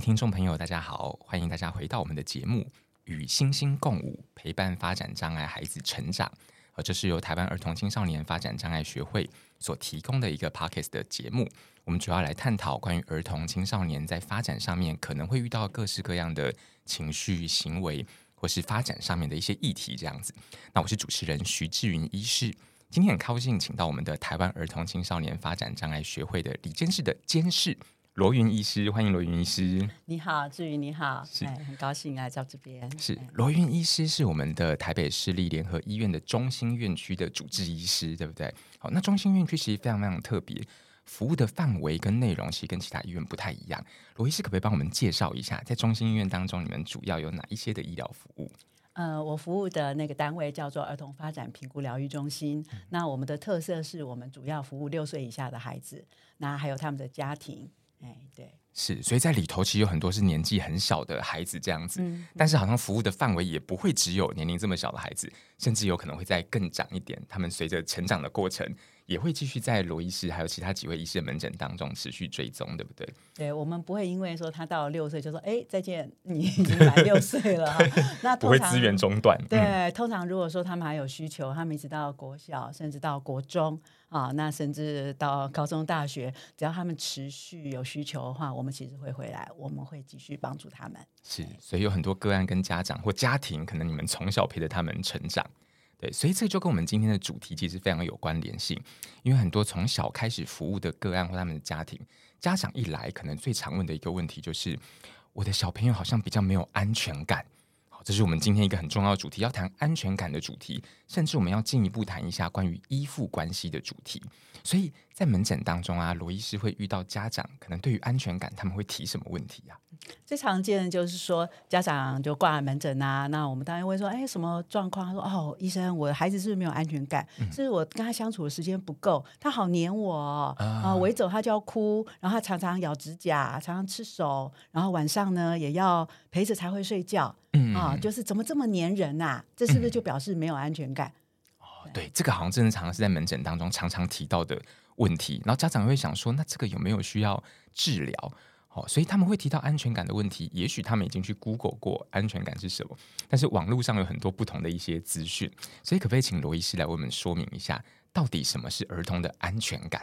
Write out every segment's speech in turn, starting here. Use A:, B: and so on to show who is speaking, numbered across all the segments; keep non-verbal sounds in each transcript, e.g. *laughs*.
A: 聽眾朋友，大家好！歡迎大家回到我們的節目《與星星共舞》，陪伴發展障礙孩子成長。呃，這是由台灣兒童青少年發展障礙學會所提供的一個 podcast 的節目。我們主要來探討關於兒童青少年在發展上面可能會遇到各式各樣的情緒、行為，或是發展上面的一些議題。這樣子，那我是主持人徐志雲醫師，今天很高興請到我們的台灣兒童青少年發展障礙學會的李監事的監事。羅筠醫師，歡迎羅筠醫師。
B: 你好，志宇，你好，是，欸、很高興來到這邊。是
A: 羅筠醫師是我們的台北市立聯合醫院的中心院區的主治醫師，對不對？好，那中心院區其實非常非常特別，服務的範圍跟內容其實跟其他醫院不太一樣。羅醫師可不可以幫我們介紹一下，在中心醫院當中，你們主要有哪一些的醫療服務？
B: 呃，我服務的那個單位叫做兒童發展評估療育中心，嗯，那我們的特色是我們主要服務六歲以下的孩子，那還有他們的家庭。哎，對，
A: 是，所以在裡頭其實有很多是年紀很小的孩子這樣子，嗯嗯，但是好像服務的範圍也不會只有年齡這麼小的孩子，甚至有可能會再更長一點，他們隨着成長的過程。也會繼續在羅醫師還有其他幾位醫師的門診當中持續追蹤，對不對？
B: 對，我們不會因為說他到了六歲就說，哎，再見，你已經來六歲了， *laughs* 那不會資源中斷。對、嗯，通常如果說他們還有需求，他們一直到國小，甚至到國中啊，那甚至到高中、大學，只要他們持續有需求的話，我們其實會回來，我們會繼續幫助他們。
A: 是，所以有很多個案跟家長或家庭，可能你們從小陪着他們成長。對，所以這就跟我們今天的主題其實非常有關聯性，因為很多從小開始服務的個案或他們的家庭家長一來，可能最常問的一個問題就是，我的小朋友好像比較沒有安全感。好，這是我們今天一個很重要的主題，要談安全感的主題。甚至我們要進一步談一下關於依附關係的主題。所以在門診當中啊，羅醫師會遇到家長，可能對於安全感他們會提什麼問題啊？
B: 最常見的就是說家長就掛門診啊，那我們當然會說，哎，什麼狀況？他說，哦，醫生，我孩子是不是沒有安全感？是、嗯、不是我跟他相處的時間不夠？他好黏我、哦哦、啊，我一走他就要哭，然後他常常咬指甲，常常吃手，然後晚上呢也要陪着才會睡覺、嗯、啊，就是怎麼這麼黏人啊？這是不是就表示沒有安全感？嗯
A: 對，這個好像真的常常是在門診當中常常提到的問題。然後家長會想說，那這個有沒有需要治療？哦，所以他們會提到安全感的問題。也許他們已經去 Google 過安全感是什麼，但是網絡上有很多不同的一些資訊。所以可不可以請羅醫師來為我們說明一下，到底什麼是兒童的安全感？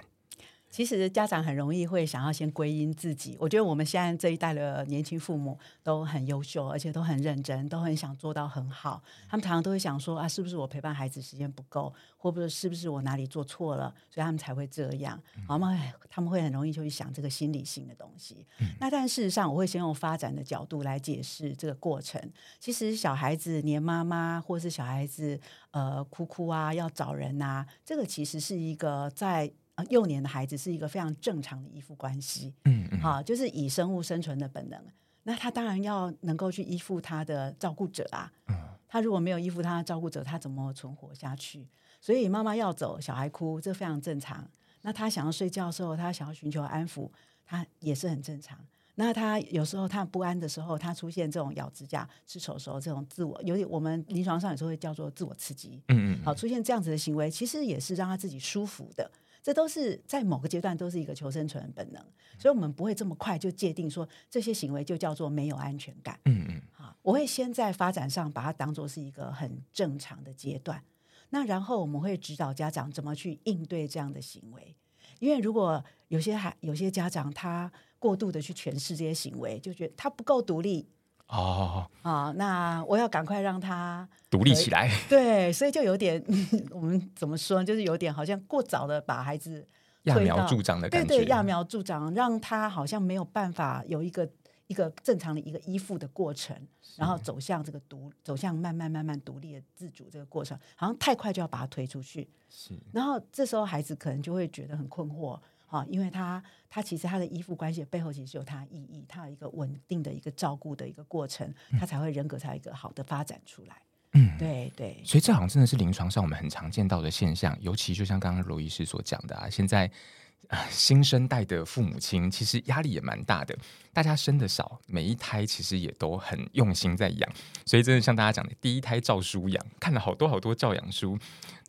B: 其實家長很容易會想要先歸因自己。我覺得我們現在這一代的年輕父母都很優秀，而且都很認真，都很想做到很好。他們常常都會想說：“啊，是不是我陪伴孩子時間不夠？或不是，是不是我哪裡做錯了？所以他們才會這樣”，嗯、他們會很容易就去想這個心理性的東西。嗯、那但事實上，我會先用發展的角度來解釋這個過程。其實小孩子黏媽媽，或是小孩子呃哭哭啊，要找人啊，這個其實是一個在。啊，幼年的孩子是一個非常正常的依附關係，嗯嗯，好，啊，就是以生物生存的本能，那他當然要能夠去依附他的照顧者啊，他如果沒有依附他的照顧者，他怎麼存活下去？所以媽媽要走，小孩哭，這非常正常。那他想要睡覺的時候，他想要尋求安撫，他也是很正常。那他有時候他不安的時候，他出現這種咬指甲、吃手手這種自我，有點我們臨床上有時候會叫做自我刺激，嗯嗯，好，啊，出現這樣子的行為，其實也是讓他自己舒服的。這都是在某個階段，都是一個求生存的本能，所以我們不會這麼快就界定說這些行為就叫做沒有安全感。嗯嗯，好，我會先在發展上把它當作是一個很正常的階段，那然後我們會指導家長怎麼去應對這樣的行為，因為如果有些孩有些家長他過度的去詮釋這些行為，就覺得他不夠獨立。哦哦，那我要趕快讓他
A: 獨立起來。
B: 對，所以就有點我們怎麼說呢，就是有點好像過早的把孩子
A: 揠苗助長的感覺，對，對，對，揠
B: 苗助長，讓他好像沒有辦法有一個一個正常的一個依附的過程，然後走向這個獨走向慢慢慢慢獨立的自主這個過程，好像太快就要把他推出去。是，然後這時候孩子可能就會覺得很困惑。啊，因為他他其實他的依附關係背後其實是有他意義，他有一個穩定的一個照顧的一個過程，嗯、他才會人格才有一個好的發展出來。嗯，對對。
A: 所以這好像真的是臨床上我們很常見到的現象，尤其就像剛剛羅醫師所講的啊，現在。新生代的父母親其實壓力也蠻大的，大家生的少，每一胎其實也都很用心在養，所以真的像大家講的，第一胎照書養，看了好多好多教養書，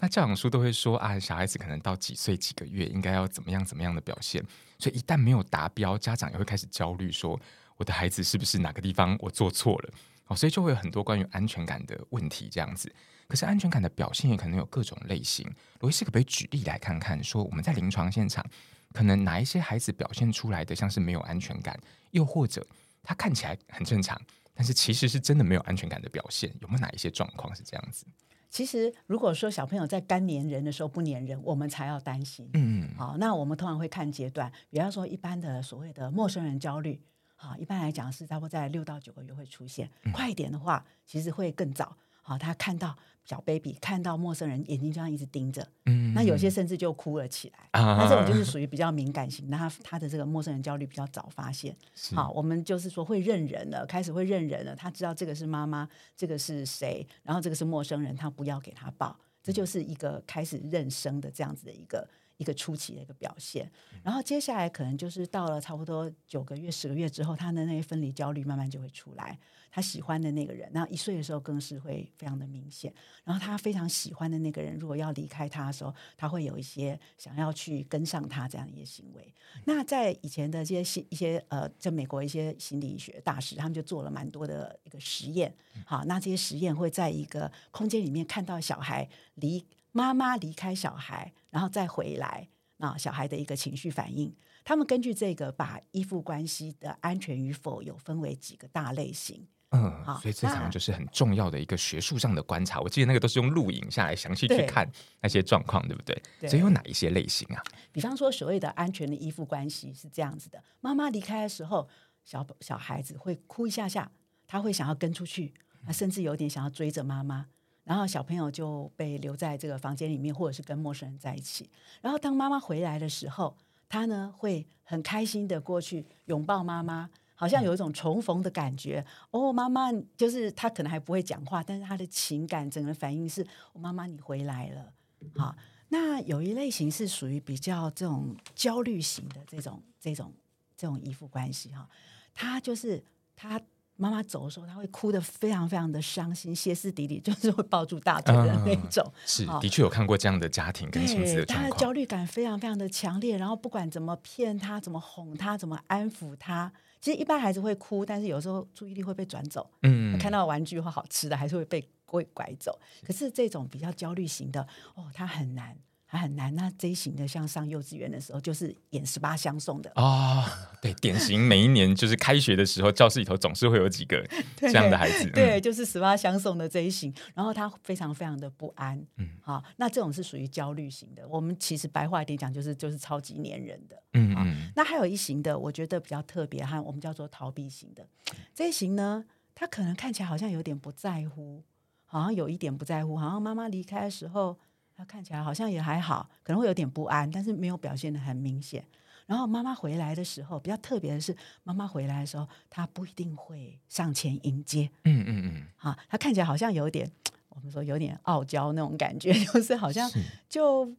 A: 那教養書都會說啊，小孩子可能到幾歲幾個月應該要怎麼樣怎麼樣的表現，所以一旦沒有達標，家長也會開始焦慮，說我的孩子是不是哪個地方我做錯了，哦，所以就會有很多關於安全感的問題，這樣子。可是安全感的表現也可能有各種類型。羅筠醫師，可不可以舉例來看看，說我們在臨床現場，可能哪一些孩子表現出來的像是沒有安全感，又或者他看起來很正常，但是其實是真的沒有安全感的表現，有沒有哪一些狀況是這樣子？
B: 其實如果說小朋友在該黏人的時候不黏人，我們才要擔心。嗯好，那我們通常會看階段，比方說一般的所謂的陌生人焦慮，好，一般來講是差不多在六到九個月會出現，嗯，快一點的話，其實會更早。好，他看到小 baby，看到陌生人，眼睛就像一直盯着。嗯，那有些甚至就哭了起來。
A: 啊、嗯，那這種就是屬
B: 於比較敏感型，uh. 那他的這個陌生人焦慮比較早發現。是。好，我們就是說會認人了，開始會認人了。他知道這個是媽媽，這個是誰，然後這個是陌生人，他不要給他抱、嗯。這就是一個開始認生的這樣子的一個。一個初期的一個表現，然後接下來可能就是到了差不多九個月、十個月之後，他的那些分離焦慮慢慢就會出來。他喜歡的那個人，那一歲的時候更是會非常的明顯。然後他非常喜歡的那個人，如果要離開他的時候，他會有一些想要去跟上他這樣的一些行為。那在以前的這些一些呃，在美國一些心理學大師，他們就做了蠻多的一個實驗。好，那這些實驗會在一個空間裡面看到小孩離媽媽離開小孩，然後再回來，那、啊、小孩的一個情緒反應，他們根據這個把依附關係的安全與否有分為幾個大類型。
A: 嗯，啊、所以這場就是很重要的一個學術上的觀察。我記得那個都是用錄影下來詳細去看那些狀況，對,對不對？所以有哪一些類型啊？
B: 比方說，所謂的安全的依附關係是這樣子的：媽媽離開的時候，小小孩子會哭一下下，他會想要跟出去，啊、甚至有點想要追着媽媽。嗯然後小朋友就被留在這個房間裡面，或者是跟陌生人在一起。然後當媽媽回來的時候，他呢，會很開心的過去擁抱媽媽，好像有一種重逢的感覺。嗯、哦，媽媽，就是他可能還不會講話，但是他的情感整個反應是：我、哦、媽媽你回來了。好，那有一類型是屬於比較這種焦慮型的這種這種這種依附關係哈，他就是他。她媽媽走的時候，他會哭得非常非常的傷心，歇斯底里，就是會抱住大腿的那種、嗯。是，的確有
A: 看過這樣的家庭跟親子的情況，哦、他的焦
B: 慮感非常非常的強烈，然後不管怎麼騙他、怎麼哄他、怎麼安撫他，其實一般孩子會哭，但是有時候注意力會被轉走。嗯，看到的玩具或好吃的，還是會被會拐走。可是這種比較焦慮型的，哦，他很難。很難。那這一型的，像上幼稚園的時候，就是演十八相送的
A: 哦。對，典型每一年就是開學的時候， *laughs* 教室裡頭總是會有幾個這樣的孩子。對，嗯、對就
B: 是十八相送的這一型，然後他非常非常的不安。嗯，好，那這種是屬於焦慮型的。我們其實白話一點講，就是就是超級黏人的。嗯嗯。那還有一型的，我覺得比較特別，和我們叫做逃避型的、嗯、這一型呢，他可能看起來好像有點不在乎，好像有一點不在乎，好像媽媽離開的時候。他看起來好像也還好，可能會有點不安，但是沒有表現得很明顯。然後媽媽回來的時候，比較特別的是，媽媽回來的時候，他不一定會上前迎接。嗯嗯嗯，哈、啊，他看起來好像有點，我們說有點傲嬌那種感覺，就是好像就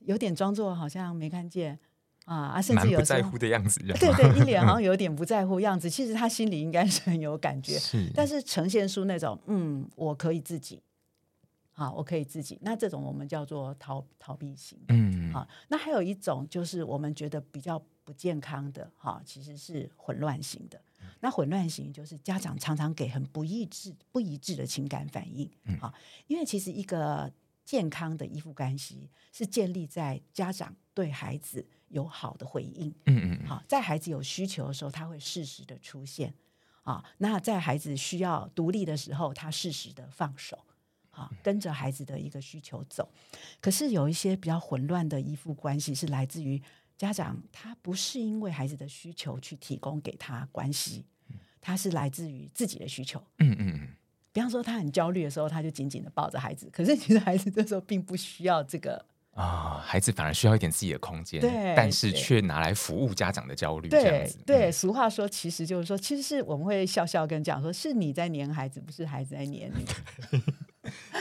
B: 有點裝作好像沒看見啊啊，甚至有時候不在乎的樣子樣。啊、對，對對，一臉好像有點不在乎樣子，嗯、其實他心裡應該是很有感覺，是但是呈現出那種嗯，我可以自己。好，我可以自己。那這種我們叫做逃逃避型。嗯嗯、啊。那還有一種就是我們覺得比較不健康的哈、啊，其實是混亂型的、嗯。那混亂型就是家長常常給很不一致、不一致的情感反應。嗯啊、因為其實一個健康的依附關係是建立在家長對孩子有好的回應。嗯嗯。好、啊，在孩子有需求的時候，他會適時的出現、啊。那在孩子需要獨立的時候，他適時的放手。跟着孩子的一個需求走，可是有一些比較混亂的依附關係是來自於家長，他不是因為孩子的需求去提供給他關係，他是來自於自己的需求。
A: 嗯
B: 嗯。比方說，他很焦慮的時候，他就緊緊的抱着孩子，可是其實孩子這時候並不需要這個、
A: 哦、孩子反而需要一點自己的空間。對，但是卻拿來服務家長的焦慮。對
B: 對，對、嗯，俗話說，其實就是說，其實是我們會笑笑跟講說，是你在黏孩子，不是孩子在黏你。 *laughs*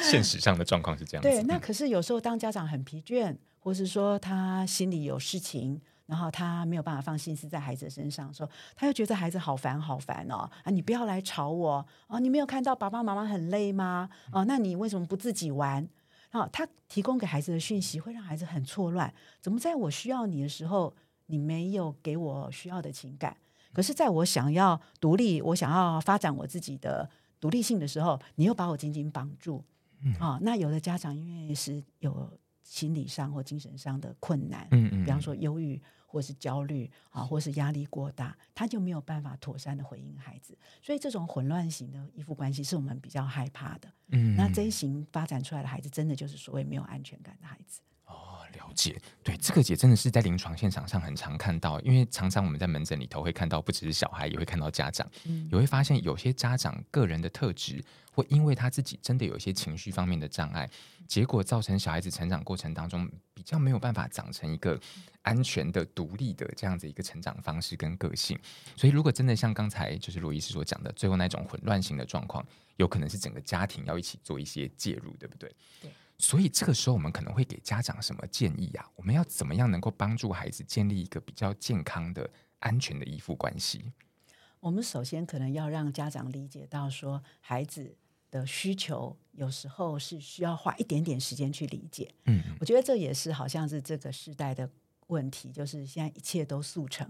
A: 現實上的狀況是這樣子。對，那可
B: 是有時候當家長很疲倦，嗯，或是說他心裡有事情，然後他沒有辦法放心思在孩子身上的時候，說他又覺得孩子好煩好煩哦啊，你不要來吵我哦、啊，你沒有看到爸爸媽媽很累嗎？哦、啊，那你為什麼不自己玩？哦、啊，他提供給孩子的訊息會讓孩子很錯亂。怎麼在我需要你的時候，你沒有給我需要的情感？可是在我想要獨立，我想要發展我自己的獨立性的時候，你又把我緊緊綁住。啊、嗯哦，那有的家長因為是有心理上或精神上的困難，嗯嗯、嗯，比方說憂鬱或是焦慮啊、哦，或是壓力過大，他就沒有辦法妥善的回應孩子，所以這種混亂型的依附關係是我們比較害怕的。嗯、嗯，那這一型發展出來的孩子，真的就是所謂沒有安全感的孩子。
A: 了解，對這個也真的是在臨床現場上很常看到，因為常常我們在門診裡頭會看到，不只是小孩，也會看到家長、嗯，也會發現有些家長個人的特質，會因為他自己真的有一些情緒方面的障礙，結果造成小孩子成長過程當中比較沒有辦法長成一個安全的、獨立的這樣子一個成長方式跟個性。所以，如果真的像剛才就是羅醫師所講的，最後那種混亂型的狀況，有可能是整個家庭要一起做一些介入，對不對？對。所以這個時候，我們可能會給家長什麼建議啊？我們要怎麼樣能夠幫助孩子建立一個比較健康的、安全的依附關係？
B: 我們首先可能要讓家長理解到說，說孩子的需求有時候是需要花一點點時間去理解。嗯，我覺得這也是好像是這個時代的問題，就是現在一切都速成，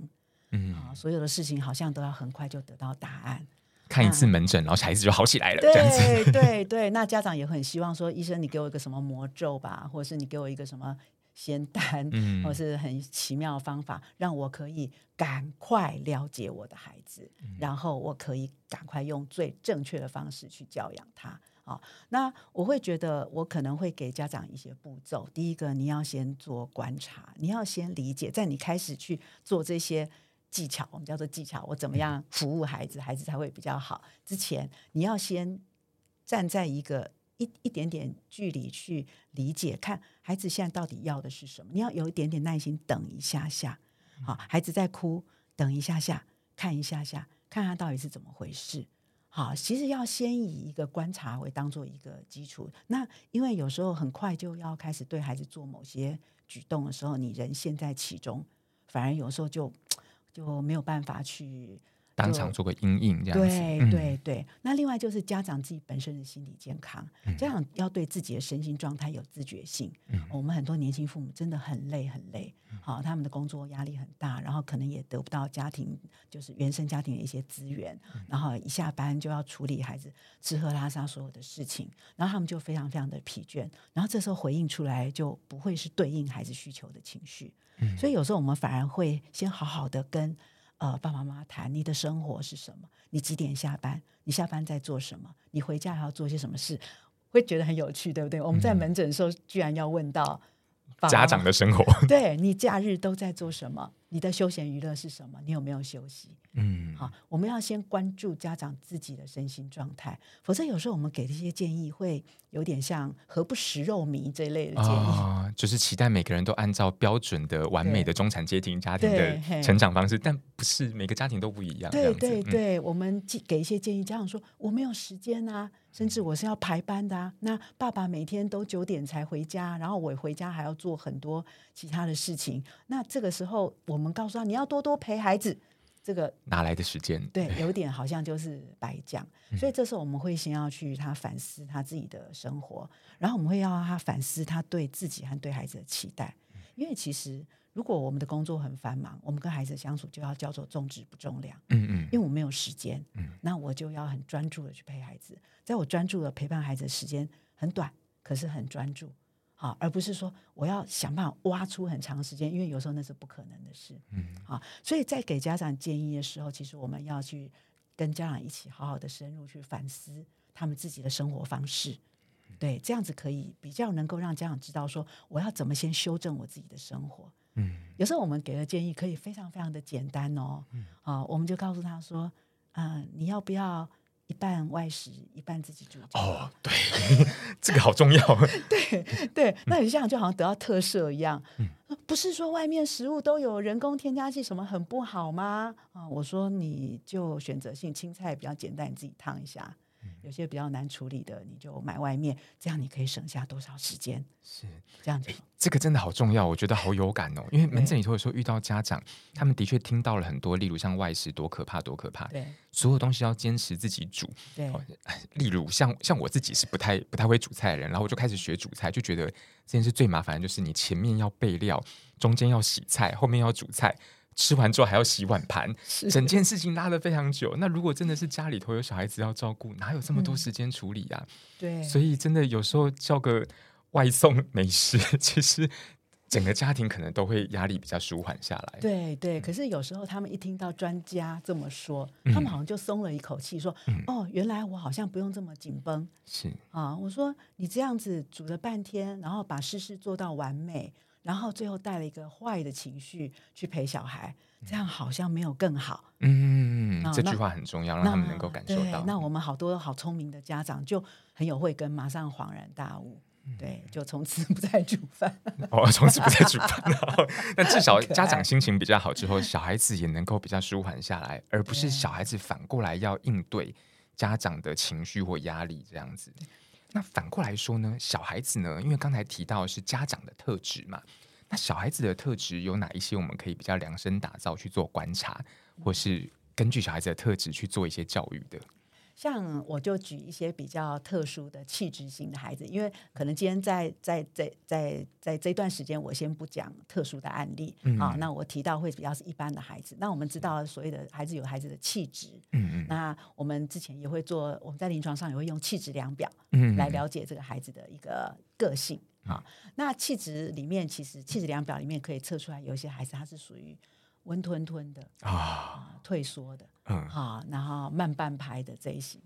B: 嗯，哦，所有的事情好像都要很快就得到答
A: 案。看一次門診，然後孩子就好起來了。對，這樣子。
B: 對對，那家長也很希望說：“醫生，你給我一個什麼魔咒吧，或者是你給我一個什麼仙丹，嗯，或是很奇妙的方法，讓我可以趕快了解我的孩子，嗯，然後我可以趕快用最正確的方式去教養他。”好，那我會覺得，我可能會給家長一些步驟。第一個，你要先做觀察，你要先理解，在你開始去做這些。技巧，我們叫做技巧。我怎麼樣服務孩子，孩子才會比較好？之前你要先站在一個一一點點距離去理解，看孩子現在到底要的是什麼。你要有一點點耐心，等一下下，好，孩子在哭，等一下下，看一下下，看他到底是怎麼回事。好，其實要先以一個觀察為當做一個基礎。那因為有時候很快就要開始對孩子做某些舉動的時候，你人陷在其中，反而有時候就。就沒有辦法去當場做
A: 個因應這樣子。對對
B: 對、嗯，那另外就是家長自己本身的心理健康，嗯、家長要對自己的身心狀態有自覺性。嗯哦、我們很多年輕父母真的很累，很累。好，他們的工作壓力很大，然後可能也得不到家庭，就是原生家庭的一些資源，嗯、然後一下班就要處理孩子吃喝拉撒所有的事情，然後他們就非常非常的疲倦，然後這時候回應出來就不會是對應孩子需求的情緒，嗯、所以有時候我們反而會先好好的跟呃爸爸媽媽談，你的生活是什麼，你幾點下班，你下班在做什麼，你回家還要做些什麼事，會覺得很有趣，對不對？我們在門診的時候居然要問到。嗯嗯
A: 家長的生活 *laughs* 對，對，
B: 你假日都在做什麼？你的休閒娛樂是什麼？你有沒有休息？嗯，好，我們要先關注家長自己的身心狀態，否則有時候我們給一些建議會有點像“何不食肉糜”這類的建議，哦，
A: 就是期待每個人都按照標準的完美的中產階級家庭的成長方式，但不是每個家庭都不一樣。對對對，對、嗯、對，
B: 我們給一些建議，家長說我沒有時間啊。甚至我是要排班的啊，那爸爸每天都九點才回家，然後我回家還要做很多其他的事情。那這個時候，我們告訴他你要多多陪孩子，這個
A: 哪來的時間？
B: 對，有點好像就是白講。 *laughs* 所以這時候我們會先要去他反思他自己的生活，然後我們會要他反思他對自己和對孩子的期待，因為其實。如果我們的工作很繁忙，我們跟孩子相處就要叫做重質不重量，嗯嗯，因為我沒有時間，嗯，那我就要很專注的去陪孩子，在我專注的陪伴孩子的時間很短，可是很專注，啊，而不是說我要想辦法挖出很長時間，因為有時候那是不可能的事，嗯，啊，所以在給家長建議的時候，其實我們要去跟家長一起好好的深入去反思他們自己的生活方式，對，這樣子可以比較能夠讓家長知道說我要怎麼先修正我自己的生活。嗯，有時候我們給的建議可以非常非常的簡單哦。嗯，啊、呃，我們就告訴他說，嗯、呃，你要不要一半外食，一半自己煮？哦，
A: 對，這個好重要。 *laughs* 對
B: 對，那很像就好像得到特赦一樣。嗯，不是說外面食物都有人工添加劑什麼很不好嗎？啊、呃，我說你就選擇性青菜比較簡單，你自己燙一下。有些比較難處理的，你就買外面，這樣你可以省下多少時間？是，是這樣子、欸。
A: 這個真的好重要，我覺得好有感哦。因為門診裡頭有時候遇到家長，他們的確聽到了很多，例如像外食多可怕，多可怕！對，所有東西要堅持自己煮。對，哦、例如像像我自己是不太不太會煮菜的人，然後我就開始學煮菜，就覺得這件事最麻煩的就是你前面要備料，中間要洗菜，後面要煮菜。吃完之後還要洗碗盤，整件事情拉得非常久。那如果真的是家裡頭有小孩子要照顧，哪有這麼多時間處理呀，啊嗯。對，所以真的有時候叫個外送美食，其實整個家庭可能都會壓力比較舒緩下來。
B: 對對，可是有時候他們一聽到專家這麼說，嗯，他們好像就鬆了一口氣，說，嗯：“哦，原來我好像不用這麼緊繃。”是啊，我說你這樣子煮了半天，然後把事事做到完美。然後最後帶了一個壞的情緒去陪小孩，這樣好像沒有更好。
A: 嗯，哦，這句話很重要，讓他們能夠感受到那。那
B: 我們好多好聰明的家長就很有慧根，馬上恍然大悟，嗯，對，就從此不再煮飯。哦，從此不再煮飯。
A: 那 *laughs* 至少家長心情比較好之後，小孩子也能夠比較舒緩下來，而不是小孩子反過來要應對家長的情緒或壓力這樣子。那反過來說呢？小孩子呢？因為剛才提到的是家長的特質嘛，那小孩子的特質有哪一些？我們可以比較量身打造去做觀察，或是根據小孩子的特質去做一些教育的。
B: 像我就舉一些比較特殊的氣質型的孩子，因為可能今天在在這在在，在，在這段時間，我先不講特殊的案例，嗯、啊。那我提到會比較是一般的孩子。那我們知道，所謂的孩子有孩子的氣質，嗯嗯。那我們之前也會做，我們在臨床上也會用氣質量表，嗯，來了解這個孩子的一個個性啊，嗯。那氣質裡面，其實氣質量表裡面可以測出來，有一些孩子他是屬於溫吞吞的啊、哦、呃，退縮的。嗯，好，然後慢半拍的這一型，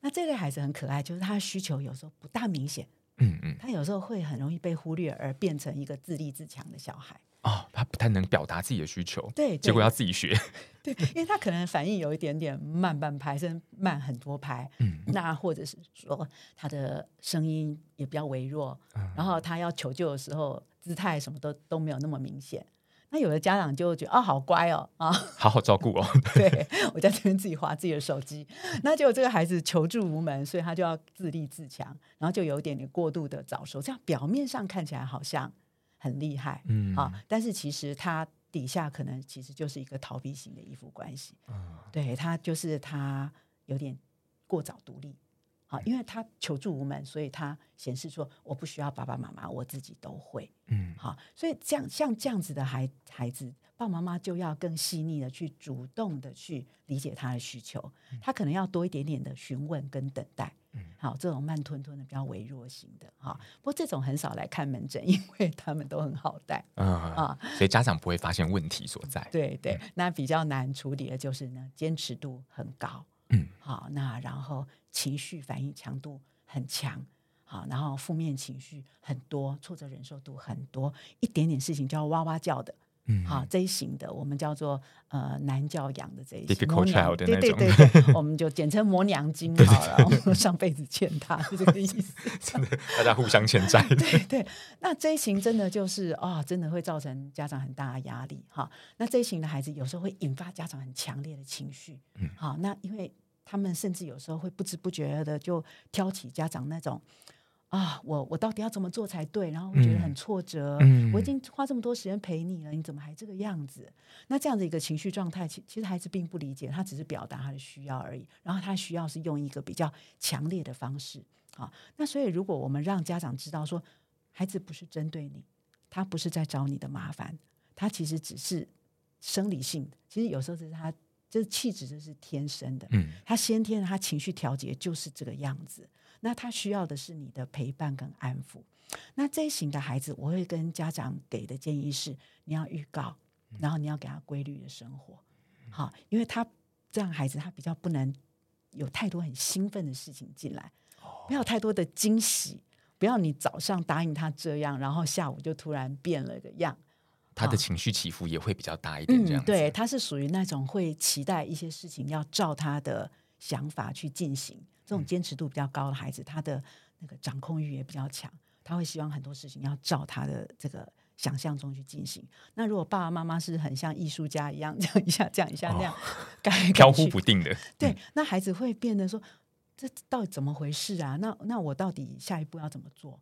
B: 那這類孩子很可愛，就是他的需求有時候不大明顯。嗯嗯，他有時候會很容易被忽略，而變成一個自立自強的小孩。
A: 哦，他不太能表達自己的需求。對，對，結果要自己學。
B: 對，因為他可能反應有一點點慢半拍，甚至慢很多拍。嗯，嗯，那或者是說他的聲音也比較微弱，嗯，然後他要求救的時候，姿態什麼都都沒有那麼明顯。那有的家長就覺得哦，好乖哦，啊，
A: 好好照顧哦。 *laughs* 對，
B: 我在這邊自己滑自己的手機。那結果，這個孩子求助無門，所以他就要自立自強，然後就有點點過度的早熟，這樣表面上看起來好像很厲害，嗯，啊，但是其實他底下可能其實就是一個逃避型的依附關係，嗯、對，他就是他有點過早獨立。啊，因為他求助無門，所以他顯示說，我不需要爸爸媽媽，我自己都會。嗯，好，所以這樣像這樣子的孩孩子，爸爸媽媽就要更細膩的去主動的去理解他的需求，嗯，他可能要多一點點的詢問跟等待。嗯，好，這種慢吞吞的比較微弱型的哈，不過這種很少來看門診，因為他們都很好帶，嗯，
A: 啊，所以家長不會發現問題所在。嗯，對
B: 對，嗯，那比較難處理的就是呢，堅持度很高。嗯、好，那然後情緒反應強度很強，好，然後負面情緒很多，挫折忍受度很多，一點點事情就要哇哇叫的，嗯，好這一型的我們叫做呃難教養的這一型，對對對,對，我們就簡稱磨娘精好了， *laughs* 對對對對上輩子欠他 *laughs* 是這個意思，
A: *laughs* 大家互相欠債， *laughs* 對
B: 對，那這一型真的就是啊、哦，真的會造成家長很大的壓力，哈，那這一型的孩子有時候會引發家長很強烈的情緒，嗯，好，那因為。他們甚至有時候會不知不覺的就挑起家長那種啊，我我到底要怎麼做才對？然後我覺得很挫折。我已經花這麼多時間陪你了，你怎麼還這個樣子？那這樣的一個情緒狀態，其其實孩子並不理解，他只是表達他的需要而已。然後他需要是用一個比較強烈的方式。好，那所以如果我們讓家長知道說，孩子不是針對你，他不是在找你的麻煩，他其實只是生理性的。其實有時候只是他。就是氣質，就是天生的。嗯，他先天，他情緒調節就是這個樣子。那他需要的是你的陪伴跟安撫。那這一型的孩子，我會跟家長給的建議是：你要預告，然後你要給他規律的生活。嗯、好，因為他這樣孩子，他比較不能有太多很興奮的事情進來，哦，不要太多的驚喜，不要你早上答應他這樣，然後下午就突然變了個樣。
A: 他的情緒起伏也會比較大一點，嗯、這樣子
B: 對，他是屬於那種會期待一些事情要照他的想法去進行，這種堅持度比較高的孩子，嗯，他的那個掌控慾也比較強，他會希望很多事情要照他的這個想象中去進行。那如果爸爸媽媽是很像藝術家一樣，這樣一下這樣一下那樣，哦，飄忽不定的， *laughs* 對、嗯，那孩子會變得說，這到底怎麼回事啊？那那我到底下一步要怎麼做？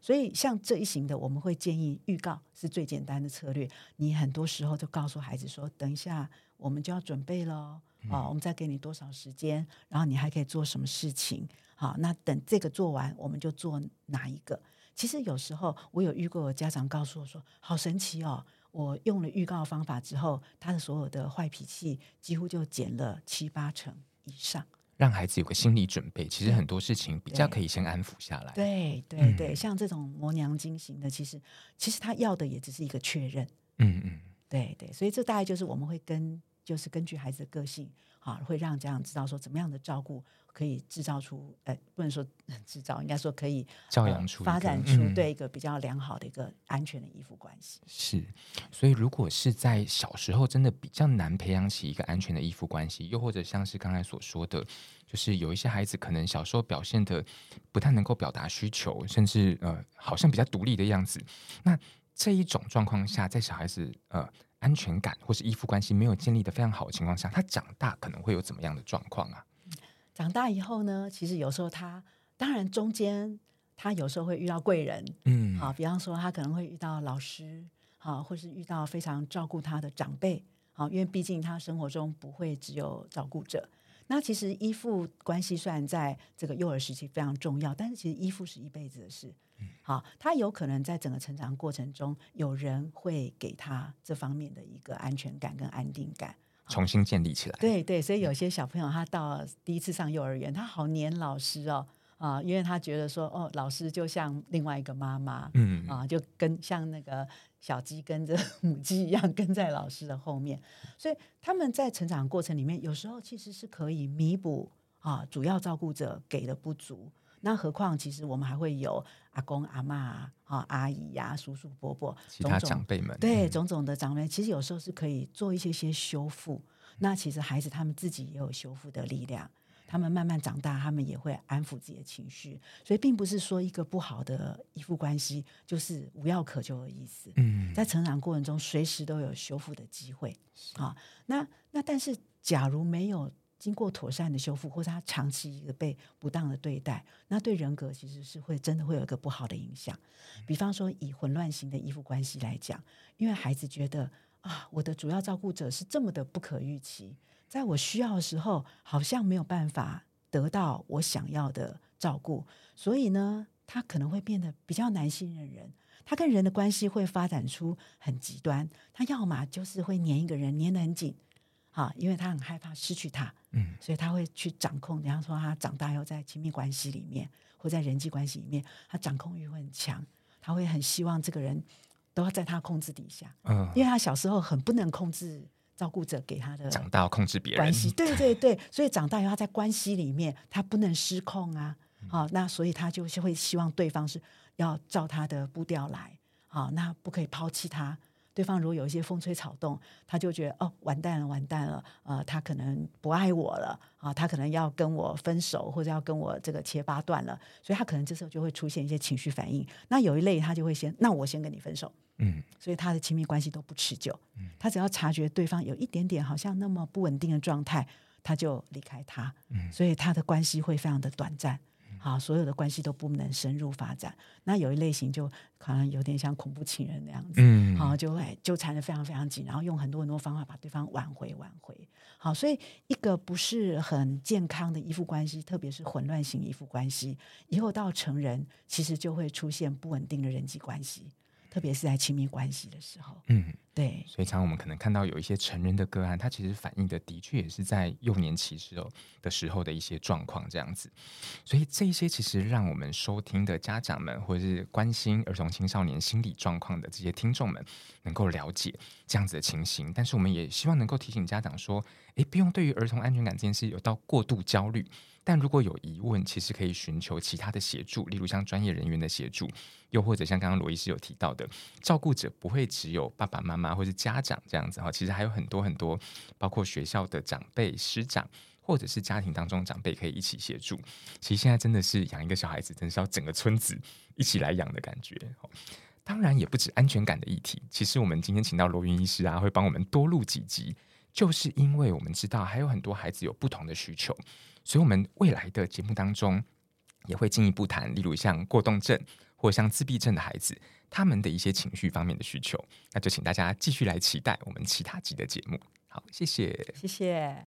B: 所以像這一型的，我們會建議預告是最簡單的策略。你很多時候就告訴孩子說，等一下我們就要準備了，啊、嗯哦，我們再給你多少時間，然後你還可以做什麼事情？好，那等這個做完，我們就做哪一個？其實有時候我有遇過家長告訴我說，好神奇哦，我用了預告方法之後，他的所有的壞脾氣幾乎就減了七八成以上。
A: 讓孩子有個心理準備，其實很多事情比較可以先安撫下來。
B: 對對對，對、嗯，像這種磨娘精型的，其實其實他要的也只是一個確認。
A: 嗯嗯，
B: 對對，所以這大概就是我們會跟，就是根據孩子的個性。啊，會讓家長知道說怎麼樣的照顧可以制造出，呃，不能說制造，應該說可以，養出發展出對一個比較良好的一個安全的依附關係，
A: 嗯。是，所以如果是在小時候真的比較難培養起一個安全的依附關係，又或者像是剛才所說的，就是有一些孩子可能小時候表現得不太能夠表達需求，甚至呃，好像比較獨立的樣子，那這一種狀況下，在小孩子呃。安全感或是依附關係沒有建立得非常好的情況下，他長大可能會有怎麼樣的狀況啊？嗯，
B: 長大以後呢，其實有時候他當然中間他有時候會遇到貴人，嗯，好，比方說他可能會遇到老師，好，或是遇到非常照顧他的長輩，好，因為畢竟他生活中不會只有照顧者。那其實依附關係雖然在這個幼兒時期非常重要，但是其實依附是一輩子的事。好，他有可能在整個成長過程中，有人會給他這方面的一個安全感跟安定感，
A: 重新建立起來。
B: 對對，所以有些小朋友他到第一次上幼兒園，嗯、他好黏老師哦，啊、呃，因為他覺得說，哦，老師就像另外一個媽媽，嗯啊、呃，就跟像那個。小雞跟着母雞一樣跟在老師的後面，所以他們在成長過程裡面，有時候其實是可以彌補啊主要照顧者給的不足。那何況其實我們還會有阿公阿嬤啊、啊、阿姨呀、啊、叔叔伯伯種種，其他長輩們，對，種種的長輩、嗯，其實有時候是可以做一些些修復。那其實孩子他們自己也有修復的力量。他們慢慢長大，他們也會安撫自己的情緒，所以並不是說一個不好的依附關係就是無藥可救的意思。嗯，嗯，在成長過程中，隨時都有修復的機會。啊，那那但是，假如沒有經過妥善的修復，或者他長期一個被不當的對待，那對人格其實是會真的會有一個不好的影響。比方說，以混亂型的依附關係來講，因為孩子覺得啊，我的主要照顧者是這麼的不可預期。在我需要的時候，好像沒有辦法得到我想要的照顧，所以呢，他可能會變得比較難信任人。他跟人的關係會發展出很極端，他要麼就是會黏一個人，黏得很緊，啊，因為他很害怕失去他，嗯，所以他會去掌控。比方說，他長大以後在親密關係裡面，或在人際關係裡面，他掌控欲會很強，他會很希望這個人都要在他控制底下，嗯，因為他小時候很不能控制。照顧者給他的長
A: 大控制別人關係，
B: 對對對，所以長大以後他在關係裡面，他不能失控啊，好、嗯哦，那所以他就是會希望對方是要照他的步調來，好、哦，那不可以拋棄他。對方如果有一些風吹草動，他就覺得哦完蛋了完蛋了，呃，他可能不愛我了啊，他可能要跟我分手或者要跟我這個切八段了，所以他可能這時候就會出現一些情緒反應。那有一類他就會先，那我先跟你分手，嗯，所以他的親密關係都不持久。嗯，他只要察覺對方有一點點好像那麼不穩定的狀態，他就離開他。嗯，所以他的關係會非常的短暫。啊，所有的關係都不能深入發展。那有一類型就好像有點像恐怖情人那樣子，然、嗯啊、就會糾纏得非常非常緊，然後用很多很多方法把對方挽回挽回。好，所以一個不是很健康的依附關係，特別是混亂型依附關係，以後到成人其實就會出現不穩定的人際關係。特別是在親密關係的時候，
A: 嗯，對，所以常常我們可能看到有一些成人的個案，他其實反映的的確也是在幼年期時候的時候的一些狀況這樣子，所以這一些其實讓我們收聽的家長們或者是關心兒童青少年心理狀況的這些聽眾們能夠了解這樣子的情形，但是我們也希望能夠提醒家長說，欸，不用對於兒童安全感這件事有到過度焦慮。但如果有疑問，其實可以尋求其他的協助，例如像專業人員的協助，又或者像剛剛羅醫師有提到的，照顧者不會只有爸爸媽媽或是家長這樣子哈，其實還有很多很多，包括學校的長輩、師長，或者是家庭當中長輩可以一起協助。其實現在真的是養一個小孩子，真是要整個村子一起來養的感覺。當然，也不止安全感的議題，其實我們今天請到羅筠醫師啊，會幫我們多錄幾集。就是因為我們知道還有很多孩子有不同的需求，所以我們未來的節目當中也會進一步談，例如像過動症或像自閉症的孩子，他們的一些情緒方面的需求，那就請大家繼續來期待我們其他集的節目。好，謝謝，
B: 謝謝。